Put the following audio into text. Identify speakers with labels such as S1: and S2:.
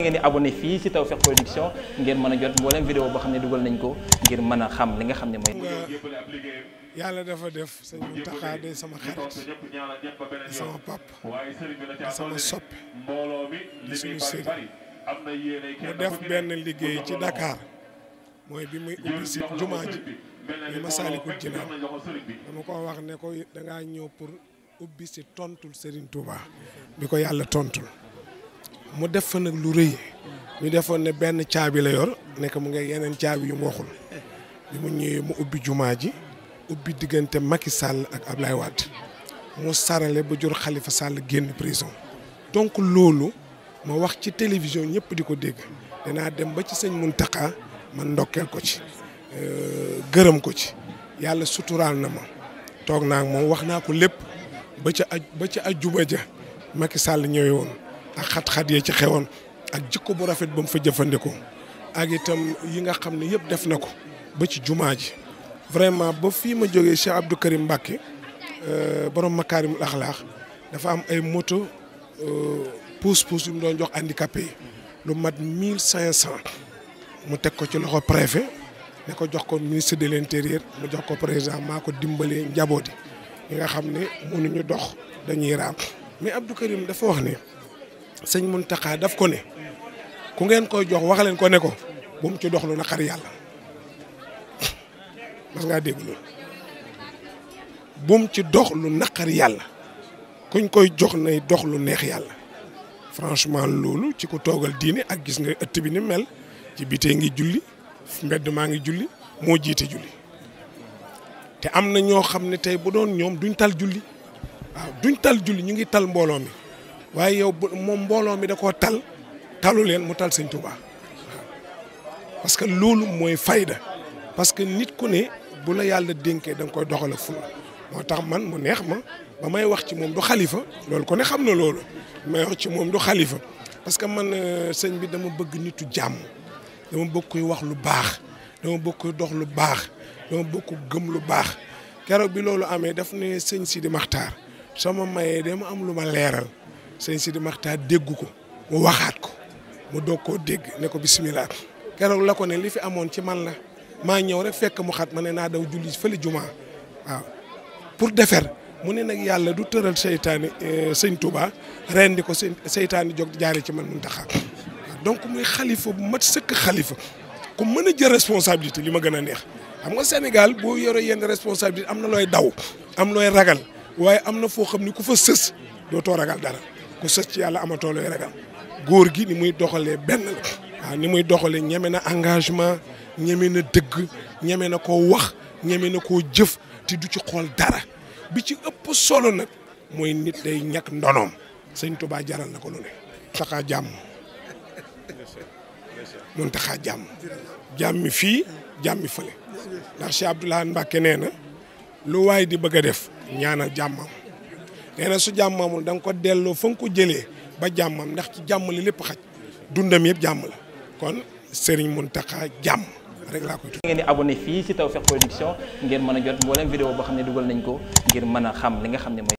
S1: ngeen di abonné fii ci Tawfekh ngeen mën a jot mboolem vidéo boo xam ne dugal nañ ko ngir mën a xam li nga xam ne mooy. yàlla dafa def sëñ Mountakha day sama xarit di sama pap di sama mu def benn liggéey ci Dakar mooy bi muy ubbi si jumaa ji muy Masaalikul Jinaan dama ko wax ne ko dangaa ñëw pour ubbi si tontul Serigne Touba bi ko yàlla tontul. mu def fa nag lu rëy ñu defoon ne benn caabi la yor nekk mu nga yeneen caabi yu mu waxul mu ñëwee mu ubbi jumaa ji ubbi diggante Macky Sall ak Ablaye Wade mu sarale ba jur xalifa sàll génn prison donc loolu ma wax ci télévision ñëpp di ko dégg danaa dem ba ci sëñ Mountakha ma ndokkeel ko ci euh, gërëm ko ci yàlla suturaal na ma toog naa moom wax naa ko lépp ba ca aj ba ca ajjuma ja Macky sàll ñëwee woon ak xat-xat yee ci xewoon ak jikko bu rafet ba mu fa jëfandikoo ak itam yi nga xam ne yëpp def na ko ba ci jumaa ji vraiment ba fii ma jógee Cheikh Abdou Karim Mbacke euh, borom makaarimul axlaax dafa am ay moto euh, pousse-pousse yu mu doon jox handicapé yi lu mat mille cinq cent mu teg ko ci loxo préfet ne ko jox ko ministre de l'intérieur mu jox ko président maa ko dimbalee njabooti yi nga xam ne mënuñu dox dañuy raam mais Abdou Karim dafa wax ne sëñ Muntaxa daf ko ne ku ngeen koy jox wax leen ko ne ko bu ci dox lu naqar yàlla mas ngaa dégg bu ci dox lu yàlla kuñ koy jox nay dox lu neex yàlla franchement loolu ci ko toogal diine ak gis ngay ëtt bi ni mel ci bitee ngi julli mbedd maa ngi julli moo jiite julli te am na ñoo xam ne tey bu doon ñoom duñ tal julli waaw duñ tal julli ñu ngi tal mbooloo mi waaye yow moom mbooloo mi da koo tal talu leen mu tal sëñ Touba waaw parce que loolu mooy fayda parce que nit ku ne bu la yàlla dénkee danga koy doxal ak fulla moo tax man mu neex ma ba may wax ci moom du xalifa loolu ko ne xam na loolu may ci moom du xalifa parce que man euh, sëñ bi dama bëgg nitu jàmm dama bëgg koy wax lu baax dama bëgg koy dox lu baax dama bëgg ko gëm lu baax keroog bi loolu amee daf ne sëñ Sidi Maxtaar sama mayee de ma am lu ma leeral sëñ Sidi Maxtaar dégg ko mu waxaat ko mu dog ko dégg ne ko bisimilah keroog la ko ne li fi amoon ci man la maa ñëw rek fekk mu xat ma ne naa daw julli fële jumaa waaw pour defer mu ne nag yàlla du tëral seytaani eh, sëñ Touba ren di ko sëñ seytaani jóg jaare ci man mun taxaar donc muy xalifa bu mat sëkk xalifa ku mën a jël responsabilité li ma gën a neex xam nga Sénégal boo yore yenn responsabilité am na looy daw am looy ragal waaye am na foo xam ni ku fa sës dootoo ragal dara ku sës ci yàlla amatoo looy góor gi ni muy doxalee benn la waaw ni muy doxalee ñeme na engagement ñeme na dëgg ñeme na koo wax ñeme na koo jëf te du ci xool dara bi ci ëpp solo nag mooy nit day ñàkk ndonoom sëñ ba jaral na ko lu ne taxaa jàmm mun taxaa jàmm jàmmi fii jàmmi fële ndax Cheikh Abdoulaye Mbacke nee na lu waaye di bëgg a def ñaana jàmmam nee na su jàmm amul da nga ko delloo fa nga ko jëlee ba jàmmam ndax ci jàmm li lépp xaj dundam yëpp jàmm la kon Serigne Mountakha jàmm rek laa koy tudd. ngeen di abonné fii ci Tawfekh Production ngeen mën a jot mboolem vidéo boo xam ne dugal nañ ko ngir mën a xam li nga xam ne mooy.